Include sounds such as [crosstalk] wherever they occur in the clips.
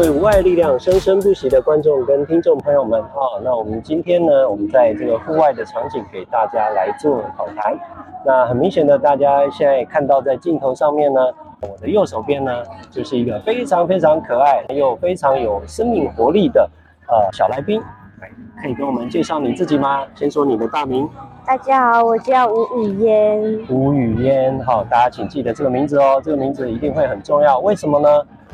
為無外力量，生生不息的觀眾跟聽眾朋友們，哈，那我們今天呢，我們在這個戶外的場景給大家來做訪談。那很明顯的，大家現在看到在鏡頭上面呢，我的右手邊呢，就是一個非常非常可愛又非常有生命活力的呃小來賓。來，可以跟我們介紹你自己嗎？先說你的大名。大家好，我叫吳於嫣。吳於嫣，好，大家請記得這個名字哦，這個名字一定會很重要。為什麼呢？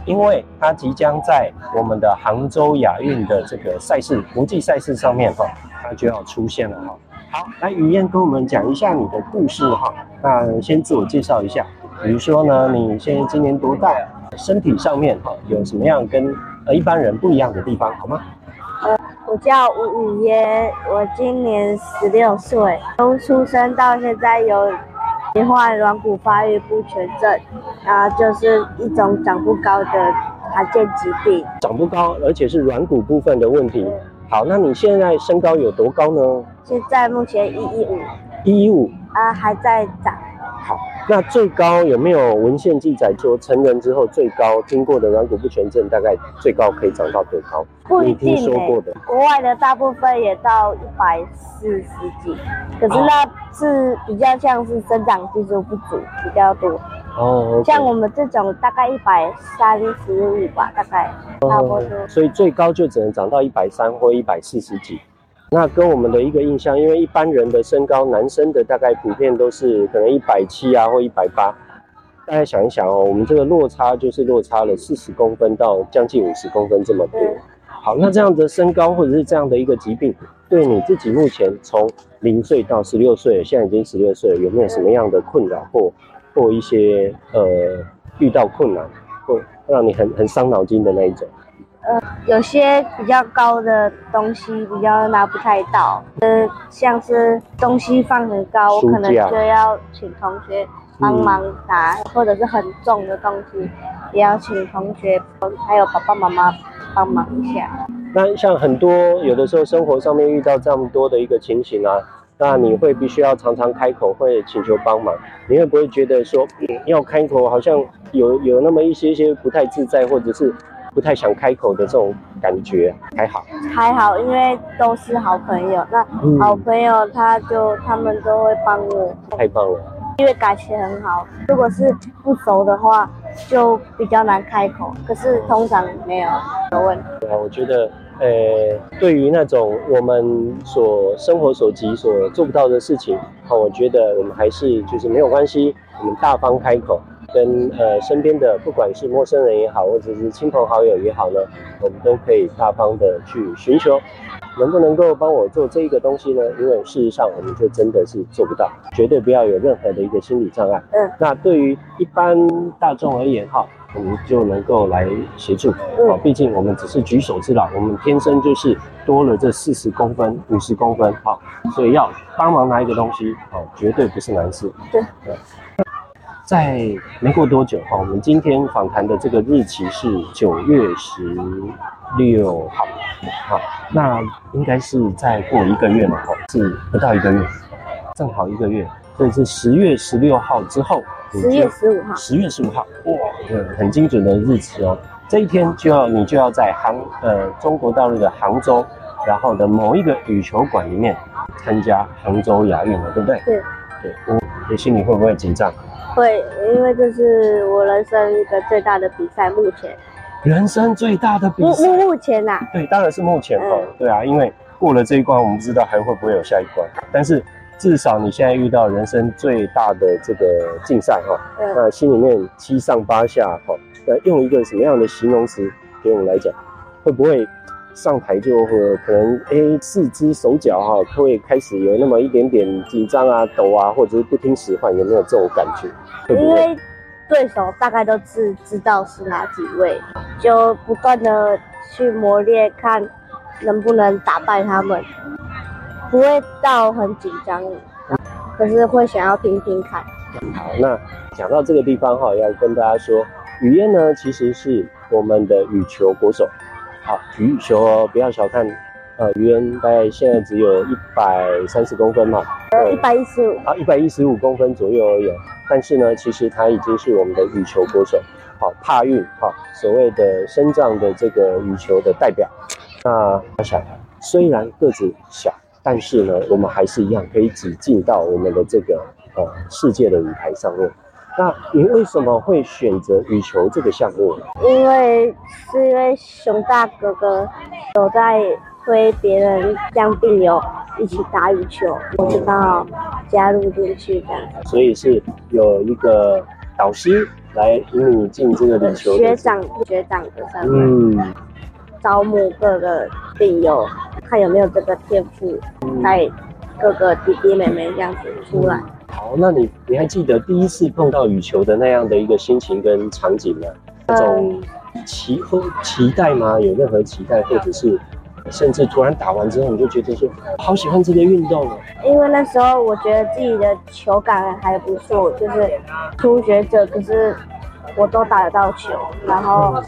因為他即將在我們的杭州亞運的這個賽事、國際賽事上面哈，他就要出現了哈。好，那於嫣跟我們講一下你的故事哈。那先自我介紹一下，比如說呢，你現在今年多大？身體上面哈有什麼樣跟呃一般人不一樣的地方好嗎？呃，我叫吳於嫣，我今年十六歲，從出生到現在有。患軟骨發育不全症，啊、呃，就是一種長不高的罕見疾病。長不高，而且是軟骨部分的問題。好，那你現在身高有多高呢？現在目前一一五、一一五啊，還在長。好。那最高有沒有文獻記載說成人之後最高經過的軟骨不全症大概最高可以長到？最高不一定。欸？你聽說過的？國外的大部分也到一百四十幾，可是那是比較像是生長激素不足比較多。哦、okay，像我們這種大概一百三十五吧，大概差不多。哦。所以最高就只能長到一百三或一百四十幾。那跟我們的一個印象，因為一般人的身高，男生的大概普遍都是可能一百七啊，或一百八。大家想一想哦，我們這個落差就是落差了四十公分到將近五十公分這麼多。好，那這樣的身高或者是這樣的一個疾病，對你自己目前從零歲到十六歲，現在已經十六歲，有沒有什麼樣的困擾或或一些呃遇到困難或讓你很很傷腦筋的那一種？呃，有些比較高的東西比較拿不太到，呃、就是，像是東西放很高，我可能就要請同學幫忙拿，嗯，或者是很重的東西，也要請同學還有爸爸媽媽幫忙一下。那像很多有的時候生活上面遇到這麼多的一個情形啊，那你會必須要常常開口會請求幫忙，你會不會覺得說、嗯、要開口好像有有那麼一些一些不太自在，或者是？不太想開口的這種感覺，還好，還好，因為都是好朋友，那好朋友他就、嗯、他們都會幫我，太棒了。因為感情很好，如果是不熟的話，就比較難開口。可是通常沒有，沒問題。啊，我覺得，呃，對於那種我們所生活所及所做不到的事情，好，我覺得我們還是就是沒有關係，我們大方開口。跟呃身邊的不管是陌生人也好，或者是親朋好友也好呢，我們都可以大方的去尋求，能不能夠幫我做這一個東西呢？因為事實上我們就真的是做不到，絕對不要有任何的一個心理障礙。嗯，那對於一般大眾而言哈，我們就能夠來協助。嗯，畢竟我們只是舉手之勞，我們天生就是多了這四十公分、五十公分，好，所以要幫忙拿一個東西，哦，絕對不是難事。對、嗯、對。嗯在沒過多久哈，我們今天訪談的這個日期是九月十六號，那應該是再過一個月了哈，是不到一個月，正好一個月，所以是十月十六號之後，十月十五號，十月十五號，哇，很精準的日期哦，這一天就要你就要在杭呃中國大陸的杭州，然後的某一個羽球館裡面參加杭州亞運了，對不對？對，對，你心裡會不會緊張？會，因為這是我人生一個最大的比賽，目前，人生最大的比賽，目目前吶、啊，對，當然是目前、嗯、哦，對啊，因為過了這一關，我們不知道還會不會有下一關，但是至少你現在遇到人生最大的這個競賽哈、哦嗯，那心裡面七上八下哈、哦，那用一個什麼樣的形容詞給我們來講，會不會？上台就可能哎，四肢手腳哈、哦，會開始有那麼一點點緊張啊、抖啊，或者是不聽使喚，有沒有這種感覺？因為對手大概都知知道是哪幾位，就不斷的去磨練，看能不能打敗他們，不會到很緊張，可是會想要拼拼看。好，那講到這個地方哈、哦，要跟大家說，於嫣呢，其實是我們的羽球國手。好，羽球、哦、不要小看，呃，於嫣大概現在只有一百三十公分嘛，呃、嗯，一百一十五，啊，一百一十五公分左右而已。但是呢，其實他已經是我們的羽球國手。好，帕運，哈、哦，所謂的身障的這個羽球的代表。那我想，雖然個子小，但是呢，我們還是一樣可以擠進到我們的這個呃世界的舞台上面。那你為什麼會選擇羽球這個項目？因為是因為熊大哥哥，有在推別人讓病友一起打羽球，我知道，加入進去的。所以是有一個導師來引領進這個羽球。學長學長的上面，嗯，招募各個病友，嗯，看有沒有這個天賦，帶各個弟弟妹妹這樣子出來。嗯嗯哦，那你你還記得第一次碰到羽球的那樣的一個心情跟場景嗎？嗯、那種期候期待嗎？有任何期待，或者是甚至突然打完之後你就覺得說好喜歡這個運動，啊。因為那時候我覺得自己的球感還不錯，就是初學者，可是我都打得到球，然後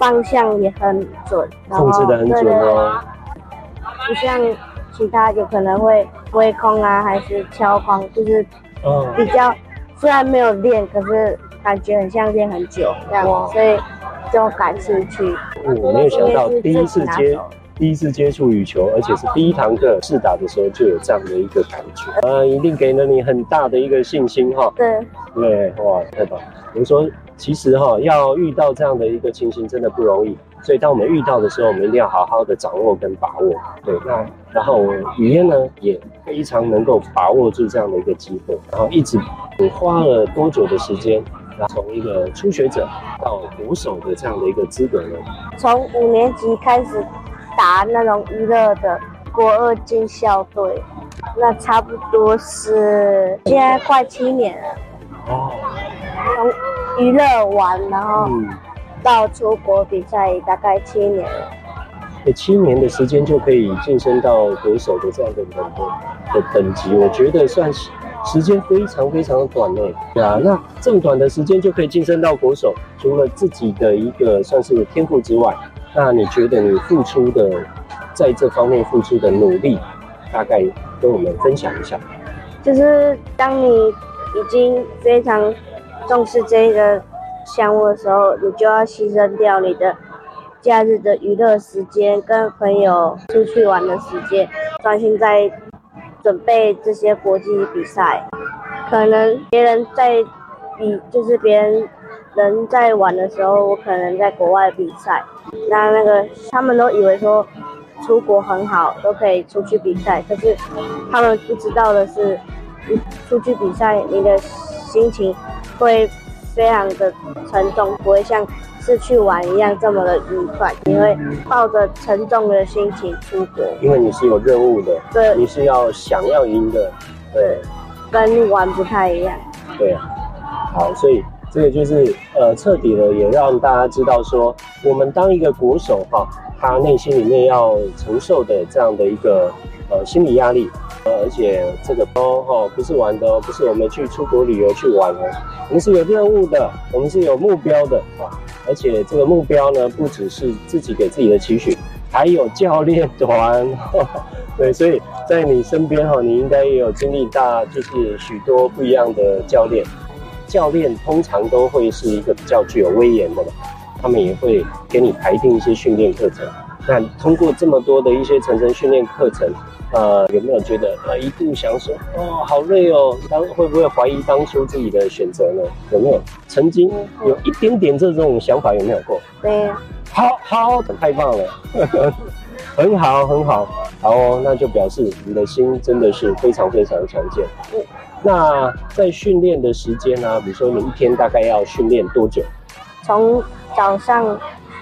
方向也很準，控制得很準哦。不像其他有可能會揮空啊，還是敲框，就是。嗯、比較雖然沒有練，可是感覺很像練很久這樣，所以就感興趣、嗯。我沒有想到第一次接第一次接觸羽球，而且是第一堂課試打的時候就有這樣的一個感覺。嗯，一定給了你很大的一個信心哈。對。對，哇，太棒了！比如說。其實哈、哦，要遇到這樣的一個情形真的不容易，所以當我們遇到的時候，我們一定要好好的掌握跟把握。對，那然後於嫣呢也非常能夠把握住這樣的一個機會，然後一直花了多久的時間，然後從一個初學者到國手的這樣的一個資格呢？從五年級開始打那種娛樂的，國二進校隊，那差不多是現在快七年了。哦。從娛樂完，然後到出國比賽，大概七年。嗯欸、七年的時間就可以晉升到國手的這樣的等的，的等級，我覺得算是時間非常非常短呢，欸。啊，那這麼短的時間就可以晉升到國手，除了自己的一個算是天賦之外，那你覺得你付出的、在這方面付出的努力，大概跟我們分享一下？就是當你已經非常。重視這個項目的時候，你就要犧牲掉你的假日的娛樂時間、跟朋友出去玩的時間，專心在準備這些國際比賽。可能別人在比，就是別人人在玩的時候，我可能在國外比賽。那那個他們都以為說出國很好，都可以出去比賽，可是他們不知道的是，出出去比賽，你的心情。會非常的沉重，不會像是去玩一樣這麼的愉快。你會抱着沉重的心情出國，因為你是有任務的，對，你是要想要贏的，對，跟玩不太一樣。對、啊，好，所以這個就是呃，徹底的也讓大家知道說，我們當一個國手哈、哦，他內心裡面要承受的這樣的一個呃心理壓力。呃，而且這個包哈不是玩的哦，不是我們去出國旅遊去玩哦，我們是有任務的，我們是有目標的，而且這個目標呢，不只是自己給自己的期許，還有教練團，對，所以在你身邊哈，你應該也有經歷大就是許多不一樣的教練，教練通常都會是一個比較具有威嚴的，他們也會給你排定一些訓練課程，那通過這麼多的一些層層訓練課程。呃，有沒有覺得呃一度想說哦好累哦，當會不會懷疑當初自己的選擇呢？有沒有曾經有一點點這種想法有沒有過？對呀，好好，太棒了， [laughs] 很好很好好哦，那就表示你的心真的是非常非常強健。嗯。那在訓練的時間呢，啊？比如說你一天大概要訓練多久？從早上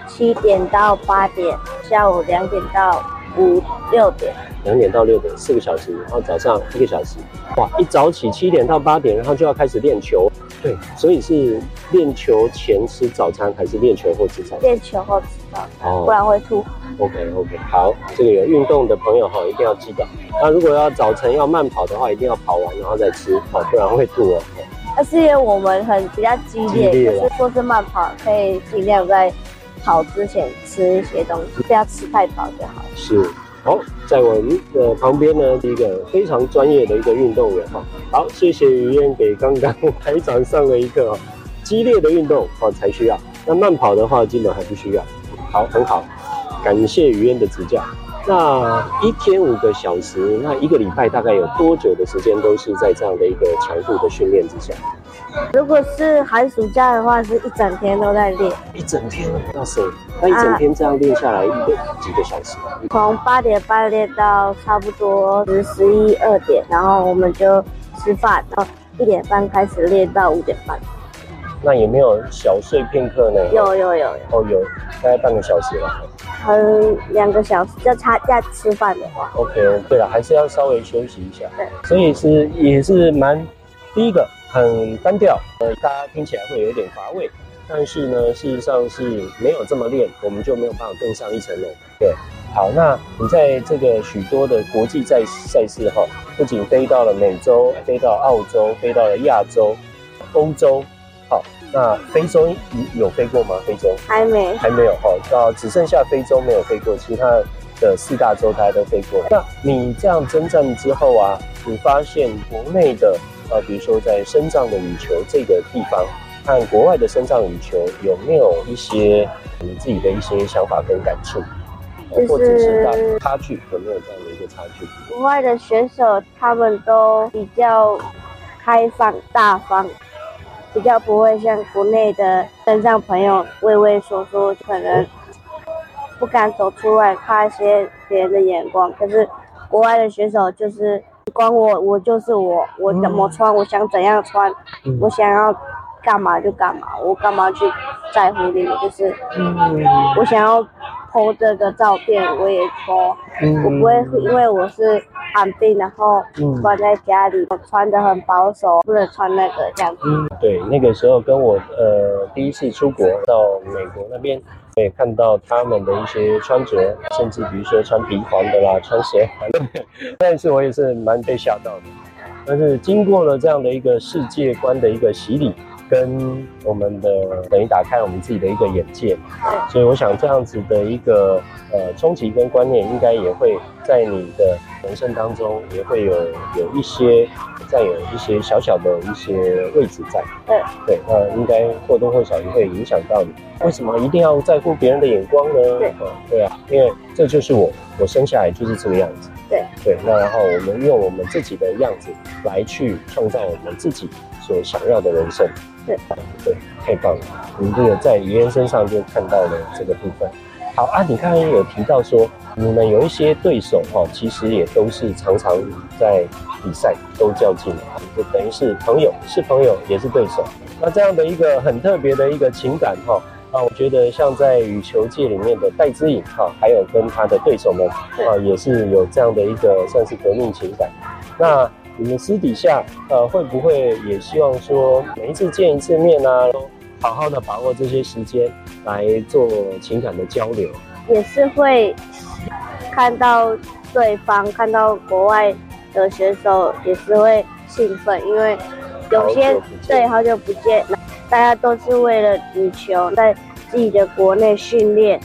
七點到八點，下午兩點到。五六點，兩點到六點，四個小時，然後早上一個小時。哇，一早起七點到八點，然後就要開始練球。對，所以是練球前吃早餐，還是練球後吃早餐？練球後吃早餐，哦，不然會吐。OK OK，好，這個有運動的朋友哈，一定要記得。那如果要早晨要慢跑的話，一定要跑完然後再吃好，不然會吐哦。那，okay，是因為我們很比較激烈，不是說是慢跑可以盡量在。跑之前吃一些東西，不要吃太飽就好。是，好，在我們的旁邊呢，是一個非常專業的一個運動員哈、哦。好，謝謝於嫣給剛剛台長上了一課激烈的運動哈、哦、才需要，那慢跑的話基本還不需要。好，很好，感謝於嫣的指教。那一天五個小時，那一個禮拜大概有多久的時間都是在這樣的一個強度的訓練之下？如果是寒暑假的話，是一整天都在練。一整天？那誰？那一整天這樣練下來，一個、啊、幾個小時？從八點半練到差不多十十一二點，然後我們就吃飯，然後一點半開始練到五點半。那有沒有小睡片刻呢？有有有，有哦，有大概半個小時吧。有、嗯、兩個小時，要差要吃飯的話。OK，對了，還是要稍微休息一下。對，所以是也是蠻第一個。很單調，呃，大家聽起來會有一點乏味，但是呢，事實上是沒有這麼練，我們就沒有辦法更上一層樓。對，好，那你在這個許多的國際賽賽事哈、哦，不僅飛到了美洲，飛到澳洲，飛到了亞洲、歐洲，好、哦，那非洲你有飛過嗎？非洲還沒，還沒有哈，到、哦、只剩下非洲沒有飛過，其他的四大洲大家都飛過。那你這樣征戰之後啊，你發現國內的？啊，比如說在身障的羽球這個地方，看國外的身障羽球有沒有一些你自己的一些想法跟感觸，或、就、者是差距有沒有這樣的一個差距？國外的選手他們都比較開放大方，比較不會像國內的身障朋友畏畏縮縮，可能不敢走出來怕一些別人的眼光。可是國外的選手就是。管我，我就是我，我怎麼穿，嗯、我想怎樣穿，嗯，我想要幹嘛就幹嘛，我幹嘛去在乎你？就是，嗯、我想要拍這個照片，我也拍，嗯、我不會因為我是。安定，然後關在家裡，嗯、穿得很保守，不能穿那個這樣子。嗯，對，那個時候跟我呃第一次出國到美國那邊，我也看到他們的一些穿着，甚至比如說穿皮裙的啦，穿鞋環。那 [laughs] 但是我也是蠻被嚇到的。但是經過了這樣的一個世界觀的一個洗禮，跟我們的等於打開我們自己的一個眼界，對，所以我想這樣子的一個呃衝擊跟觀念，應該也會在你的。人生當中也會有有一些再有一些小小的一些位置在，對對，那應該或多或少也會影響到你。為什麼一定要在乎別人的眼光呢？對、啊，對啊，因為這就是我，我生下來就是這個樣子。對對，那然後我們用我們自己的樣子來去創造我們自己所想要的人生。對對，太棒了，我們這個在於嫣身上就看到了這個部分。好啊，你剛剛也有提到說，你們有一些對手哈，其實也都是常常在比賽都較勁，就等於是朋友，是朋友也是對手。那這樣的一個很特別的一個情感哈，啊，我覺得像在羽球界裡面的戴資穎哈，還有跟他的對手們啊，也是有這樣的一個算是革命情感。那你們私底下呃、啊，會不會也希望說每一次見一次面啊，都好好的把握這些時間？來做情感的交流，也是會看到對方，看到國外的選手也是會興奮，因為有些好對好久不見，大家都是為了羽球在自己的國內訓練，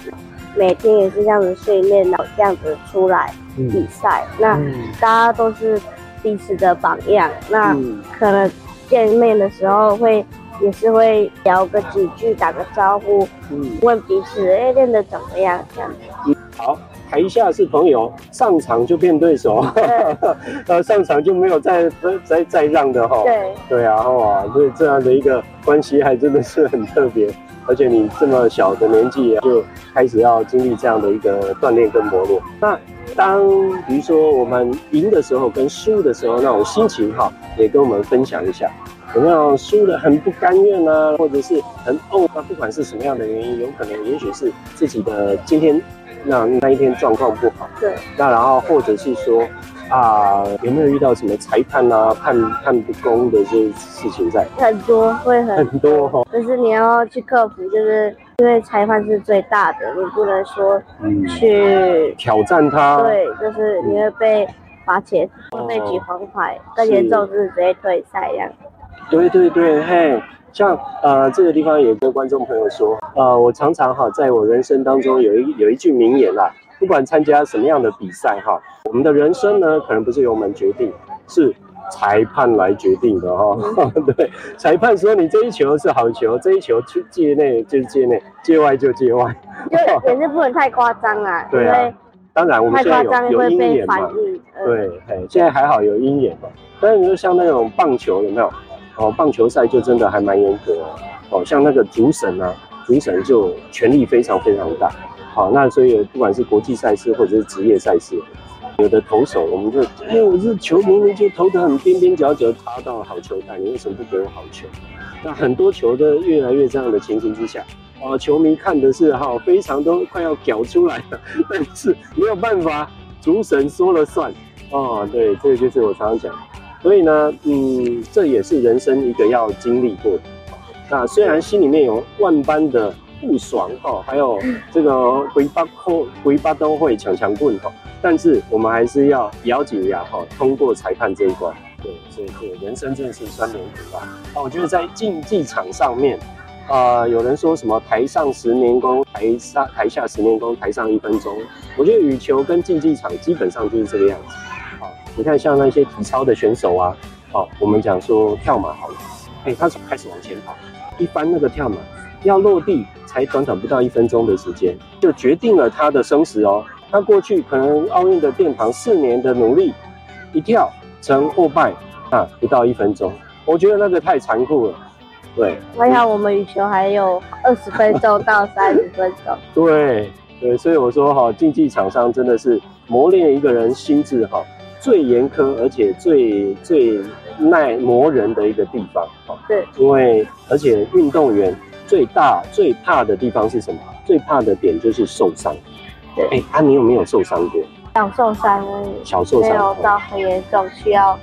每天也是這樣子訓練，然後這樣子出來比賽，嗯、那、嗯、大家都是彼此的榜樣，那、嗯、可能見面的時候會。也是會聊個幾句，打個招呼，嗯，問彼此哎練得怎麼樣這樣、嗯、好，台下是朋友，上場就變對手，然 [laughs] 呃，上場就沒有再、呃、再再讓的哈、哦。對對啊，這、哦啊、這樣的一個關係還真的是很特別，而且你這麼小的年紀、啊、就開始要經歷這樣的一個鍛鍊跟磨練。那當比如說我們贏的時候跟輸的時候，那種心情哈、啊哦，也跟我們分享一下。有沒有輸得很不甘願啊？或者是很嘔？那不管是什麼樣的原因，有可能也許是自己的今天那那一天狀況不好。對。那然後或者是說啊，有沒有遇到什麼裁判啊判判不公的這些事情在？很多，會很，很多哈、哦。就是你要去克服，就是因為裁判是最大的，你不能說去、嗯、挑戰他。對，就是你會被罰錢，嗯、會被舉黃牌，更、哦、嚴重是直接退賽一樣。對對對，嘿，像呃，這個地方也跟觀眾朋友說，呃，我常常哈、哦，在我人生當中有一有一句名言啦、啊，不管參加什麼樣的比賽哈、哦，我們的人生呢，可能不是由我們決定，是裁判來決定的哦。呵呵對，裁判說你這一球是好球，這一球去界內就界內，界外就界外，因為人生不能太誇張啦。對、啊、當然我們現在有有鷹眼嘛、呃。對，嘿，現在還好有鷹眼，但是你說像那種棒球有沒有？哦，棒球賽就真的還蠻嚴格的哦，哦，像那個主審啊，主審就權力非常非常大。好，那所以不管是國際賽事或者是職業賽事，有的投手我們就，因為我是球明明就投得很邊邊角角，擦到了好球帶，你為什麼不給我好球？那很多球的越來越這樣的情形之下，呃、哦，球迷看的是哈、哦、非常都快要飆出來了，但是沒有辦法，主審說了算。哦，對，這個就是我常常講。所以呢，嗯，這也是人生一個要經歷過的。那雖然心裡面有萬般的不爽哈、哦，還有這個回巴扣回巴都會強強滾哈，但是我們還是要咬緊牙哈、哦，通過裁判這一關。對，所以對人生真的是酸甜苦辣。啊、哦，我覺得在競技場上面，啊、呃，有人說什麼台上十年功，台上台下十年功，台上一分鐘。我覺得羽球跟競技場基本上就是這個樣子。你看，像那些體操的選手啊，好、哦，我們講說跳馬好了，哎、欸，他開始往前跑。一般那個跳馬要落地才短短不到一分鐘的時間，就決定了他的生死哦。他過去可能奧運的殿堂四年的努力，一跳成或敗啊，不到一分鐘，我覺得那個太殘酷了。對，還好我們羽球還有二十分鐘到三十分鐘。 [laughs] 對，對，所以我說哈、哦，競技場上真的是磨練一個人心智哈、哦。最嚴苛，而且最最耐磨人的一個地方。對，因為而且運動員最大最怕的地方是什麼？最怕的點就是受傷。對，哎，啊，你有沒有受傷過？小受傷，小受傷，沒有到很嚴重需要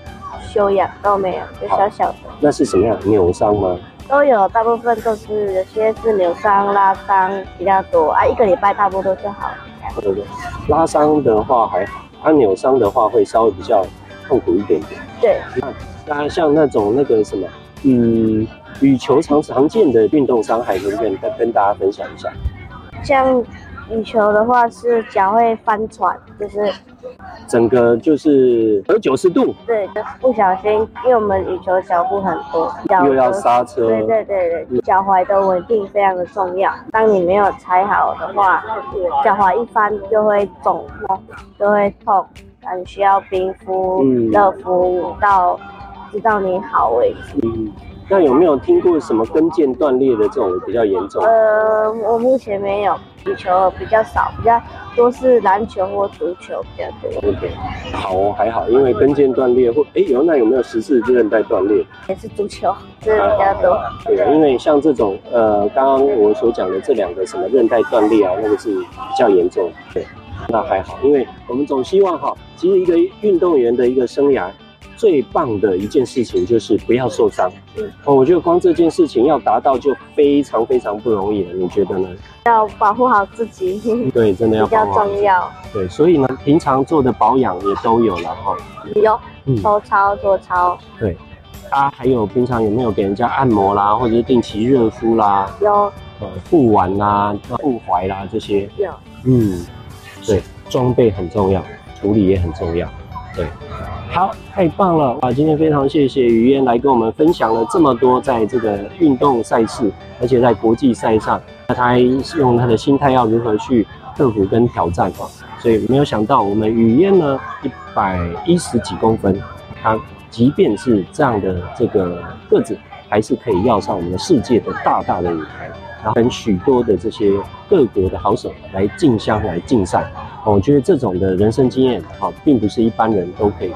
休養，都沒有，就小小的。那是什麼樣？扭傷嗎？都有，大部分都是，有些是扭傷、拉傷比較多啊，一個禮拜大部分都就好了。對對對，拉傷的話還好。它扭傷的話會稍微比較痛苦一點點。對，那，那像那種那個什麼，嗯，羽球常常見的運動傷害，能不能跟大家分享一下？像。羽球的話是腳會翻船就是整個就是有九十度，對，就是、不小心，因為我們羽球腳步很多，又要剎車，對對對對，腳踝的穩定非常的重要。當你沒有踩好的話，腳、嗯、踝一翻就會腫就會痛，你需要冰敷、熱、嗯、敷到直到你好為止。嗯那有沒有聽過什麼跟腱斷裂的這種比較嚴重？呃，我目前沒有，羽球比較少，比較多是籃球或足球比較多。OK，好、哦，還好，因為跟腱斷裂或哎、欸、有，那有沒有十字韌帶斷裂？也是足球，這比較多。啊對啊，對啊對，因為像這種呃，剛剛我所講的這兩個什麼韌帶斷裂啊，那個是比較嚴重。對，那還好，因為我們總希望哈，其實一個運動員的一個生涯。最棒的一件事情就是不要受傷。嗯，哦，我覺得光這件事情要達到就非常非常不容易了，你覺得呢？要保護好自己。對，真的要保比較重要。對，所以呢，平常做的保養也都有了哈、哦。有，做操、嗯、做操。對，啊，還有平常有沒有給人家按摩啦，或者是定期熱敷啦？有。呃，護腕啦、護踝啦這些。有。嗯，對，裝備很重要，處理也很重要。對，好，太棒了啊！今天非常謝謝於嫣來跟我們分享了這麼多，在這個運動賽事，而且在國際賽上，那她還用她的心態要如何去克服跟挑戰啊！所以沒有想到，我們於嫣呢，一百一十幾公分，她即便是這樣的這個個子，還是可以要上我們世界的大大的舞臺。然後跟許多的這些各國的好手來競相來競賽，我覺得這種的人生經驗，哈，並不是一般人都可以，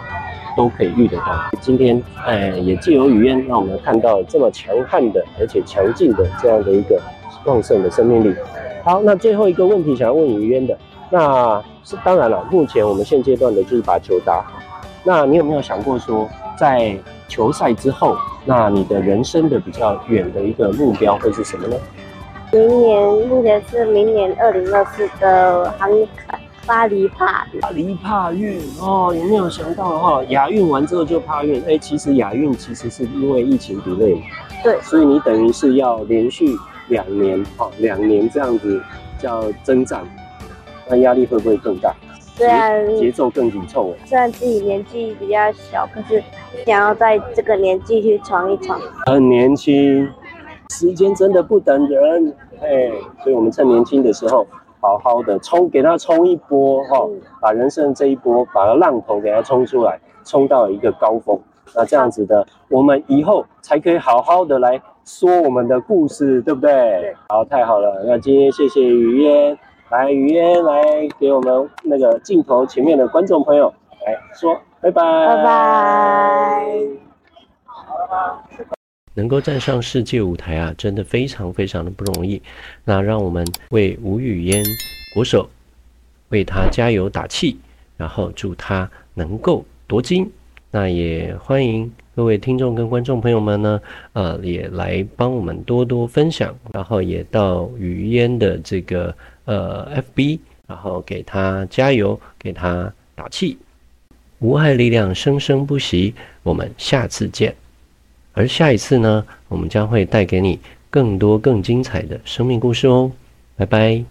都可以遇得到。今天，哎、呃，也借由於嫣，讓我們看到了這麼強悍的而且強勁的這樣的一個旺盛的生命力。好，那最後一個問題想要問於嫣的，那是當然了，目前我們現階段的就是把球打好。那你有沒有想過說，在球賽之後，那你的人生的比較遠的一個目標會是什麼呢？明年目前是明年二零二四的杭巴黎帕巴黎帕運哦，有沒有想到哈亞運完之後就帕運？哎、欸，其實亞運其實是因為疫情 delay 對，所以你等於是要連續兩年哦，兩年這樣子叫征戰，那壓力會不會更大？雖然節奏更緊湊，雖然自己年紀比較小，可是想要在這個年紀去闖一闖，很年輕，時間真的不等人。哎、hey，所以我們趁年輕的時候，好好的衝給他衝一波哈、哦，把人生這一波，把浪頭給他衝出來，衝到了一個高峰。那這樣子的，我們以後才可以好好的來說我們的故事，對不對？對，好，太好了。那今天謝謝於嫣，來於嫣來給我們那個鏡頭前面的觀眾朋友來說，拜拜，拜拜。能夠站上世界舞台啊，真的非常非常的不容易。那讓我們為吳於嫣國手，為她加油打氣，然後祝她能夠奪金。那也歡迎各位聽眾跟觀眾朋友們呢，呃，也來幫我們多多分享，然後也到於嫣的這個呃 FB，然後給她加油，給她打氣。無愛力量生生不息，我們下次見。而下一次呢，我們將會帶給你更多更精彩的生命故事哦，拜拜。